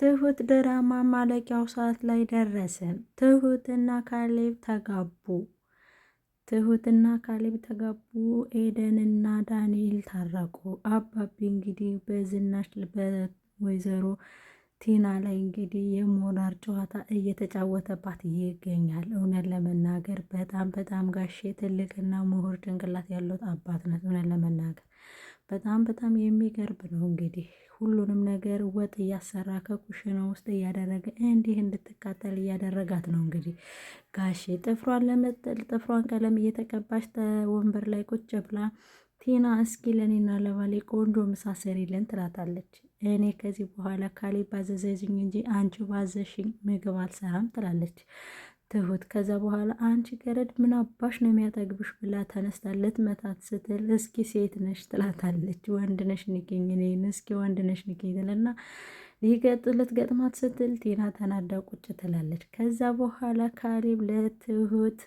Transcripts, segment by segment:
ትሁት ድራማ ማለቂያው ሰዓት ላይ ደረሰ። ትሁትና ካሌብ ተጋቡ። ትሁትና ካሌብ ተጋቡ። ኤደንና ዳንኤል ታረቁ። አባቢ እንግዲህ በዝናሽ በወይዘሮ ቲና ላይ እንግዲህ የሞራር ጨዋታ እየተጫወተባት ይገኛል። እውነት ለመናገር በጣም በጣም ጋሼ ትልቅና ምሁር ጭንቅላት ያሉት አባት ናት። እውነት ለመናገር በጣም በጣም የሚገርም ነው። እንግዲህ ሁሉንም ነገር ወጥ እያሰራ ከኩሽና ውስጥ እያደረገ እንዲህ እንድትቃጠል እያደረጋት ነው። እንግዲህ ጋሼ ጥፍሯን ለመጠል ጥፍሯን ቀለም እየተቀባች ወንበር ላይ ቁጭ ብላ ቲና እስኪ ለኔና ለባሌ ቆንጆ ምሳ ስሪልን ትላታለች። እኔ ከዚህ በኋላ ካሌ ባዘዘዝኝ እንጂ አንቺ ባዘሽኝ ምግብ አልሰራም ትላለች። ትሁት ከዛ በኋላ አንቺ ገረድ ምን አባሽ ነው የሚያጠግብሽ ብላ ተነስታለት መታት ስትል እስኪ ሴት ነሽ ትላታለች። ወንድ ነሽ ንገኝ እኔን እስኪ ወንድ ነሽ ንገኝ ትልና ሊገጥለት ገጥማት ስትል ቲና ተናዳ ቁጭ ትላለች። ከዛ በኋላ ካሌብ ለትሁት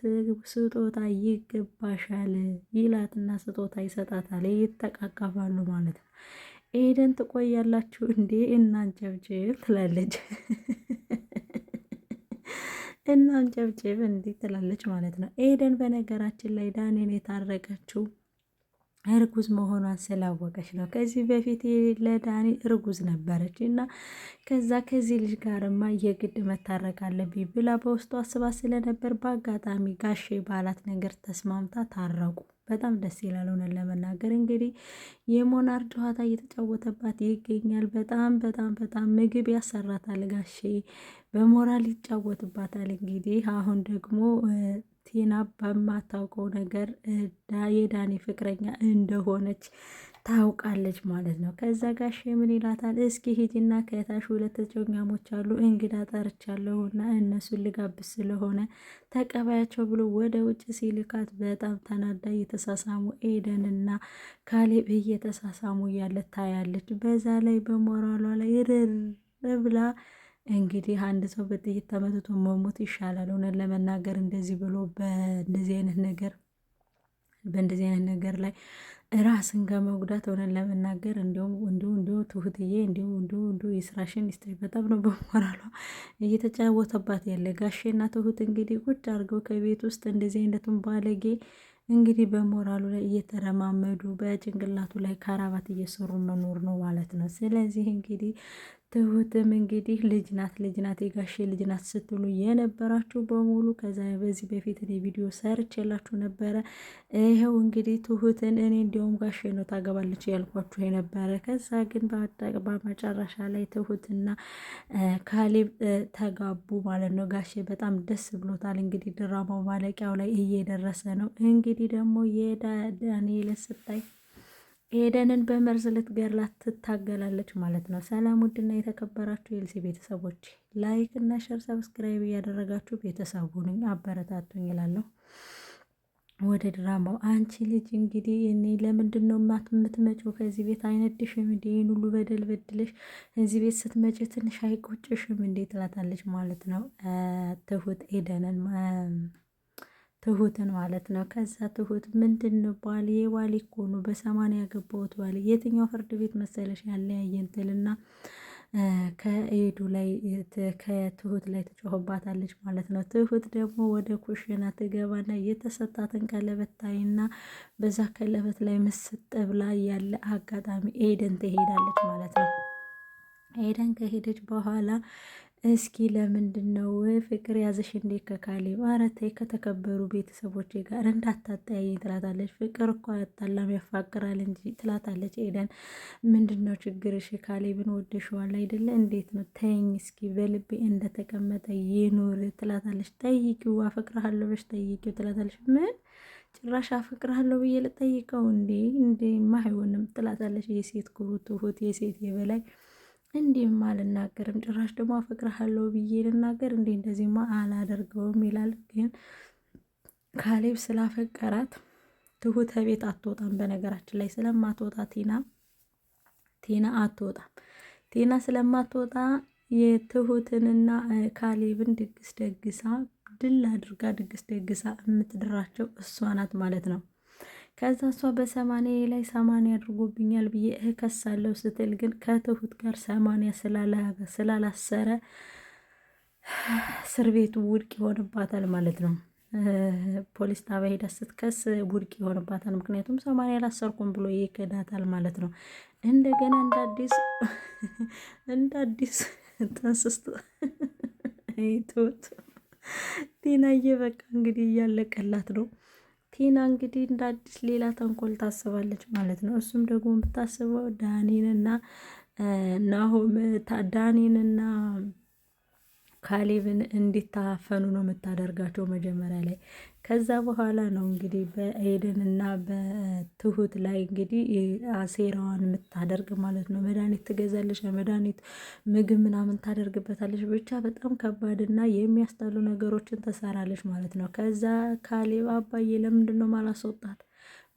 ስጦታ ይገባሻል ይላትና ስጦታ ይሰጣታል። ይተቃቀፋሉ ማለት ነው። ኤደን ትቆያላችሁ እንዴ እናንጨብጭብ ትላለች። እና አንጨብጭብ እንዲህ ትላለች ማለት ነው። ኤደን በነገራችን ላይ ዳኔን የታረቀችው እርጉዝ መሆኗን ስላወቀች ነው። ከዚህ በፊት ለዳኒ እርጉዝ ነበረች እና ከዛ ከዚህ ልጅ ጋርማ የግድ መታረቅ አለብኝ ብላ በውስጡ አስባ ስለነበር በአጋጣሚ ጋሼ ባላት ነገር ተስማምታ ታረቁ። በጣም ደስ ይላል። ሆነን ለመናገር እንግዲህ የሞናር ጨዋታ እየተጫወተባት ይገኛል። በጣም በጣም በጣም ምግብ ያሰራታል ጋሼ በሞራል ይጫወትባታል። እንግዲህ አሁን ደግሞ ቴና በማታውቀው ነገር የዳኒ ፍቅረኛ እንደሆነች ታውቃለች ማለት ነው። ከዛ ጋሽ ምን ይላታል? እስኪ ሂጂና ከታሽ ሁለት ጨኛሞች አሉ እንግዳ እና እነሱን ልጋብ ስለሆነ ተቀባያቸው ብሎ ወደ ውጭ ሲልካት በጣም ተናዳ እየተሳሳሙ ኤደንና ካሌብ እየተሳሳሙ እያለ ታያለች። በዛ ላይ በሞራሏ ላይ ርር ብላ እንግዲህ አንድ ሰው በጥይት ተመትቶ መሞት ይሻላል። እውነት ለመናገር እንደዚህ ብሎ በእንደዚህ አይነት ነገር በእንደዚህ አይነት ነገር ላይ ራስን ከመጉዳት ሆነን ለመናገር እንዲሁም እንዲ እንዲ ትሁትዬ እንዲሁ እንዲ እንዲ የስራሽን ስሪ በጣም ነው በሞራሏ እየተጫወተባት ያለ ጋሼና ትሁት እንግዲህ ቁጭ አድርገው ከቤት ውስጥ እንደዚህ አይነቱን ባለጌ እንግዲህ በሞራሉ ላይ እየተረማመዱ በጭንቅላቱ ላይ ካራባት እየሰሩ መኖር ነው ማለት ነው። ስለዚህ እንግዲህ ትሁትም እንግዲህ ልጅ ናት ልጅ ናት የጋሼ ልጅ ናት ስትሉ የነበራችሁ በሙሉ ከዛ በዚህ በፊት እኔ ቪዲዮ ሰርች የላችሁ ነበረ። ይኸው እንግዲህ ትሁትን እኔ እንዲያውም ጋሼ ነው ታገባለች ያልኳችሁ የነበረ። ከዛ ግን በመጨረሻ ላይ ትሁትና ካሌብ ተጋቡ ማለት ነው። ጋሼ በጣም ደስ ብሎታል። እንግዲህ ድራማው ማለቂያው ላይ እየደረሰ ነው። እንግዲህ ደግሞ የዳንኤል ስታይ ኤደንን በመርዝ ልትገላት ትታገላለች ማለት ነው። ሰላም ውድና የተከበራችሁ የኤልሲ ቤተሰቦች ላይክ እና ሸር፣ ሰብስክራይብ እያደረጋችሁ ቤተሰቡን አበረታቱኝ ይላለሁ። ወደ ድራማው አንቺ ልጅ እንግዲህ እኔ ለምንድን ነው የምትመጪው ከዚህ ቤት አይነድሽም እንዴ? ይህን ሁሉ በደል በድለሽ እዚህ ቤት ስትመጪ ትንሽ አይቆጭሽም እንዴ? ትላታለች ማለት ነው ትሁት ኤደንን ትሁትን ማለት ነው። ከዛ ትሁት ምንድን ነው ባል የባል እኮ ነው በሰማንያ ያገባሁት ባል የትኛው ፍርድ ቤት መሰለሽ ያለያየን ትልና ከኤዱ ላይ ከትሁት ላይ ትጮህባታለች ማለት ነው። ትሁት ደግሞ ወደ ኩሽና ትገባና የተሰጣትን ቀለበት ታይና በዛ ቀለበት ላይ ምስጥ ብላ ያለ አጋጣሚ ኤደን ትሄዳለች ማለት ነው። ኤደን ከሄደች በኋላ እስኪ ለምንድን ነው ፍቅር ያዘሽ እንዴ ከካሌብ? ኧረ ተይ ከተከበሩ ቤተሰቦቼ ጋር እንዳታጠያየኝ ትላታለች። ፍቅር እኮ አያጣላም ያፋቅራል እንጂ ትላታለች። ኤደን ምንድን ነው ችግርሽ? ካሌብን ወደሸዋል አይደለ? እንዴት ነው? ተይኝ እስኪ በልቤ እንደተቀመጠ ይኑር ትላታለች። ጠይቂው አፈቅርሃለሁ ብለሽ ጠይቂው ትላታለች። ምን ጭራሽ አፈቅርሃለሁ ብዬ ልጠይቀው እንዴ? እንዴማ አይሆንም ትላታለች። የሴት ኩሩ ትሁት፣ የሴት የበላይ እንዲህማ አልናገርም፣ ጭራሽ ደግሞ አፈቅርሃለሁ ብዬ ልናገር እንዴ? እንደዚህማ አላደርገውም ይላል። ግን ካሌብ ስላፈቀራት ትሁተ ቤት አትወጣም። በነገራችን ላይ ስለማትወጣ ቲና ቲና አትወጣም። ቲና ስለማትወጣ የትሁትንና ካሌብን ድግስ ደግሳ ድል አድርጋ ድግስ ደግሳ የምትድራቸው እሷ ናት ማለት ነው። ከዛ እሷ በሰማንያ ላይ ሰማንያ አድርጎብኛል ብዬ እከሳለሁ ስትል ግን ከትሁት ጋር ሰማንያ ስላላሰረ እስር ቤቱ ውድቅ ይሆንባታል ማለት ነው። ፖሊስ ጣቢያ ሄዳ ስትከስ ውድቅ ይሆንባታል። ምክንያቱም ሰማንያ አላሰርኩም ብሎ ይክዳታል ማለት ነው። እንደገና እንደ አዲስ እንደ አዲስ ተንስስት ቲናዬ በቃ እንግዲህ እያለቀላት ነው። ቲና እንግዲህ እንደ አዲስ ሌላ ተንኮል ታስባለች ማለት ነው። እሱም ደግሞ የምታስበው ዳኒንና ናሆም ዳኒንና ካሌብን እንዲታፈኑ ነው የምታደርጋቸው መጀመሪያ ላይ። ከዛ በኋላ ነው እንግዲህ በኤደን እና በትሁት ላይ እንግዲህ አሴራዋን የምታደርግ ማለት ነው። መድኃኒት ትገዛለች፣ መድኃኒት ምግብ ምናምን ታደርግበታለች። ብቻ በጣም ከባድና የሚያስጠሉ ነገሮችን ትሰራለች ማለት ነው። ከዛ ካሌብ አባዬ ለምንድን ነው ማላስወጣት?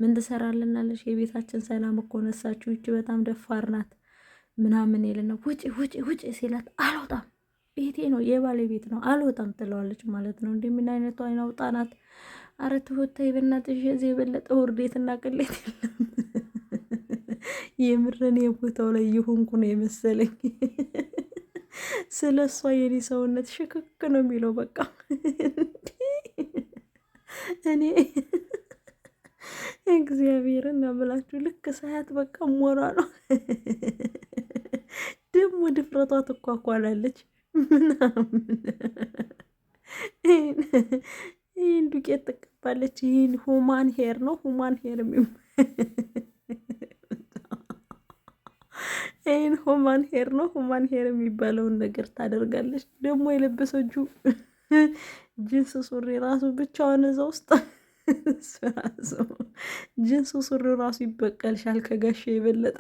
ምን ትሰራልናለች? የቤታችን ሰላም እኮ ነሳችሁ፣ ይቺ በጣም ደፋር ናት ምናምን የለነው ውጪ ውጪ ውጪ ሲላት አልወጣም ቤቴ ነው የባሌ ቤት ነው አልወጣም ትለዋለች ማለት ነው። እንደ ምን አይነቱ አይነ አውጣ ናት! አረ ተወታይ በእናትሽ፣ እዚህ የበለጠ ውርዴትና ቅሌት የለም። የምረን የቦታው ላይ የሆንኩ ነው የመሰለኝ። ስለ እሷ የኔ ሰውነት ሽክክ ነው የሚለው። በቃ እኔ እግዚአብሔርን ብላችሁ ልክ ሳያት በቃ ሞራ ነው ደግሞ ድፍረቷ ትኳኳላለች። ምናምን ይህን ዱቄት ትቀባለች። ይህን ሁማን ሄር ነው ሁማን ሄር ይህን ሁማን ሄር ነው ሁማን ሄር የሚባለውን ነገር ታደርጋለች። ደግሞ ጁ ጅንስ ሱሪ ራሱ ብቻዋን እዛ ውስጥ ጅንስ ሱሪ ራሱ ይበቀልሻል ከጋሻ የበለጠ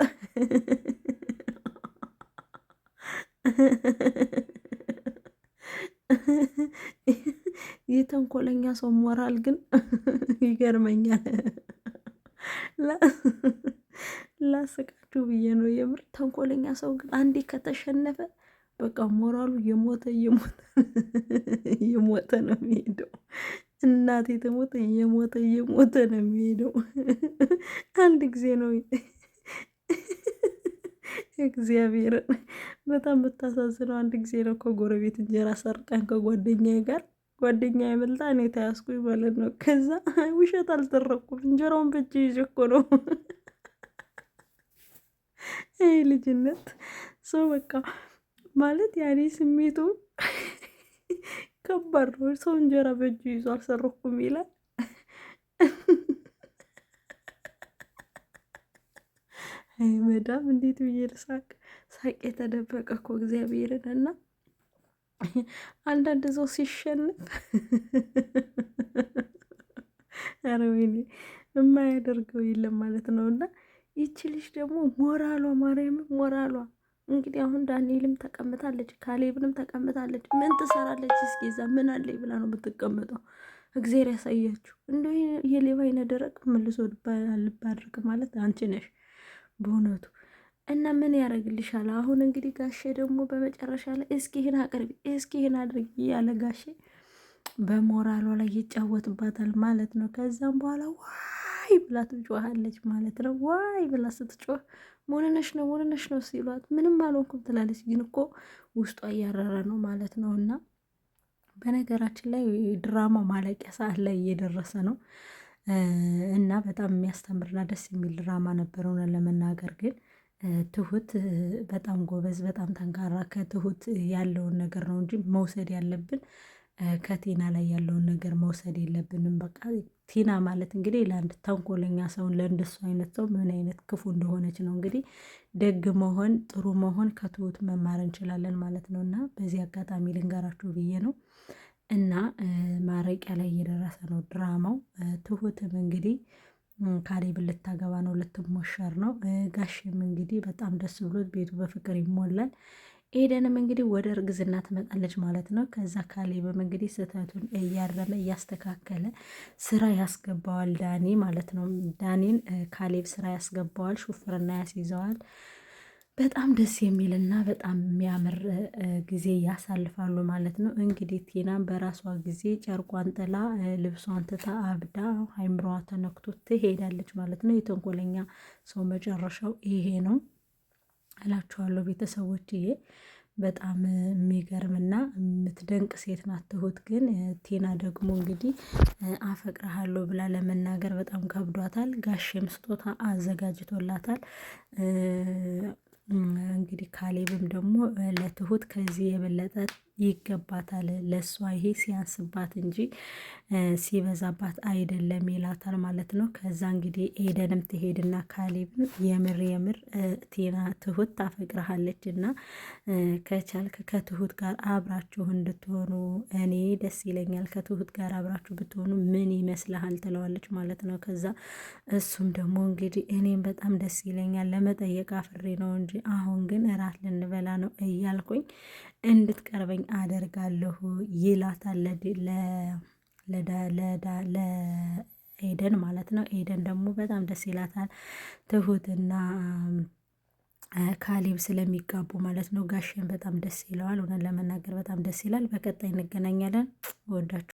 የተንኮለኛ ሰው ሞራል ግን ይገርመኛል። ላስቃችሁ ብዬ ነው የምር። ተንኮለኛ ሰው ግን አንዴ ከተሸነፈ በቃ ሞራሉ የሞተ የሞተ የሞተ ነው የሚሄደው። እናቴ ተሞተ የሞተ የሞተ ነው የሚሄደው። አንድ ጊዜ ነው እግዚአብሔርን በጣም የምታሳዝነው አንድ ጊዜ ነው ከጎረቤት እንጀራ ሰርቀን ከጓደኛ ጋር ጓደኛ ይመልጣ እኔ ተያዝኩኝ ማለት ነው። ከዛ ውሸት አልደረኩም እንጀራውን በእጅ ይዤ እኮ ነው። ይህ ልጅነት ሰው በቃ ማለት ያኔ ስሜቱ ከባድ ነው። ሰው እንጀራ በእጁ ይዞ አልሰረኩም ይላል። መዳም እንዴት ብዬ ልሳቅ? ሳቅ የተደበቀ እኮ እግዚአብሔርን እና አንዳንድ ሰው ሲሸንፍ ኧረ ወይኔ የማያደርገው የለም ማለት ነው። እና ይቺ ልጅ ደግሞ ሞራሏ ማርያም ሞራሏ እንግዲህ አሁን ዳንኤልም ተቀምጣለች፣ ካሌብንም ተቀምጣለች። ምን ትሰራለች እስኪ? እዛ ምን አለ ብላ ነው የምትቀመጠው? እግዚአብሔር ያሳያችሁ። እንደ የሌባ አይነ ደረቅ መልሶ ልባድርግ ማለት አንቺ ነሽ። በእውነቱ እና ምን ያደርግልሻል? አሁን እንግዲህ ጋሼ ደግሞ በመጨረሻ ላይ እስኪ ይህን አቅርቢ፣ እስኪ ይህን አድርጊ ያለ ጋሼ በሞራሏ ላይ ይጫወትባታል ማለት ነው። ከዛም በኋላ ዋይ ብላ ትጮሃለች ማለት ነው። ዋይ ብላ ስትጮህ ሞንነሽ ነው ሞንነሽ ነው ሲሏት ምንም አልሆንኩም ትላለች፣ ግን እኮ ውስጧ እያረረ ነው ማለት ነው። እና በነገራችን ላይ ድራማ ማለቂያ ሰዓት ላይ እየደረሰ ነው። እና በጣም የሚያስተምርና ደስ የሚል ድራማ ነበር። እውነት ለመናገር ግን ትሁት በጣም ጎበዝ፣ በጣም ጠንካራ ከትሁት ያለውን ነገር ነው እንጂ መውሰድ ያለብን ከቴና ላይ ያለውን ነገር መውሰድ የለብንም። በቃ ቲና ማለት እንግዲህ ለአንድ ተንኮለኛ ሰውን ለእንደሱ አይነት ሰው ምን አይነት ክፉ እንደሆነች ነው እንግዲህ ደግ መሆን ጥሩ መሆን ከትሁት መማር እንችላለን ማለት ነው። እና በዚህ አጋጣሚ ልንገራችሁ ብዬ ነው። እና ማረቂያ ላይ እየደረሰ ነው ድራማው። ትሁትም እንግዲህ ካሌብ ልታገባ ነው፣ ልትሞሸር ነው። ጋሽም እንግዲህ በጣም ደስ ብሎት ቤቱ በፍቅር ይሞላል። ኤደንም እንግዲህ ወደ እርግዝና ትመጣለች ማለት ነው። ከዛ ካሌብም እንግዲህ ስህተቱን እያረመ እያስተካከለ ስራ ያስገባዋል ዳኒ ማለት ነው። ዳኒን ካሌብ ስራ ያስገባዋል፣ ሹፍርና ያስይዘዋል። በጣም ደስ የሚል እና በጣም የሚያምር ጊዜ ያሳልፋሉ ማለት ነው። እንግዲህ ቲና በራሷ ጊዜ ጨርቋን ጥላ ልብሷን ትታ አብዳ አይምሮዋ ተነክቶ ትሄዳለች ማለት ነው። የተንኮለኛ ሰው መጨረሻው ይሄ ነው እላችኋለሁ ቤተሰቦችዬ። በጣም የሚገርምና የምትደንቅ ሴት ናት ትሁት። ግን ቲና ደግሞ እንግዲህ አፈቅረሃለሁ ብላ ለመናገር በጣም ከብዷታል። ጋሼም ስጦታ አዘጋጅቶላታል። እንግዲህ ካሌብም ደግሞ ለትሁት ከዚህ የበለጠ ይገባታል። ለእሷ ይሄ ሲያንስባት እንጂ ሲበዛባት አይደለም ይላታል ማለት ነው። ከዛ እንግዲህ ኤደንም ትሄድና ካሌብን የምር የምር ቴና ትሁት ታፈቅረሃለች እና ከቻልክ ከትሁት ጋር አብራችሁ እንድትሆኑ እኔ ደስ ይለኛል፣ ከትሁት ጋር አብራችሁ ብትሆኑ ምን ይመስልሃል ትለዋለች ማለት ነው። ከዛ እሱም ደግሞ እንግዲህ እኔም በጣም ደስ ይለኛል፣ ለመጠየቅ አፍሬ ነው እንጂ አሁን ግን እራት ልንበላ ነው እያልኩኝ እንድትቀርበኝ አደርጋለሁ ይላታል ለኤደን ማለት ነው። ኤደን ደግሞ በጣም ደስ ይላታል ትሁትና ካሌብ ስለሚጋቡ ማለት ነው። ጋሽን በጣም ደስ ይለዋል። እውነት ለመናገር በጣም ደስ ይላል። በቀጣይ እንገናኛለን። ወዳችሁ